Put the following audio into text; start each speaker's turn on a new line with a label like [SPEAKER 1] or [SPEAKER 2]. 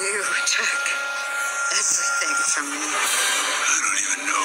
[SPEAKER 1] You took
[SPEAKER 2] everything from me. I don't
[SPEAKER 1] even know.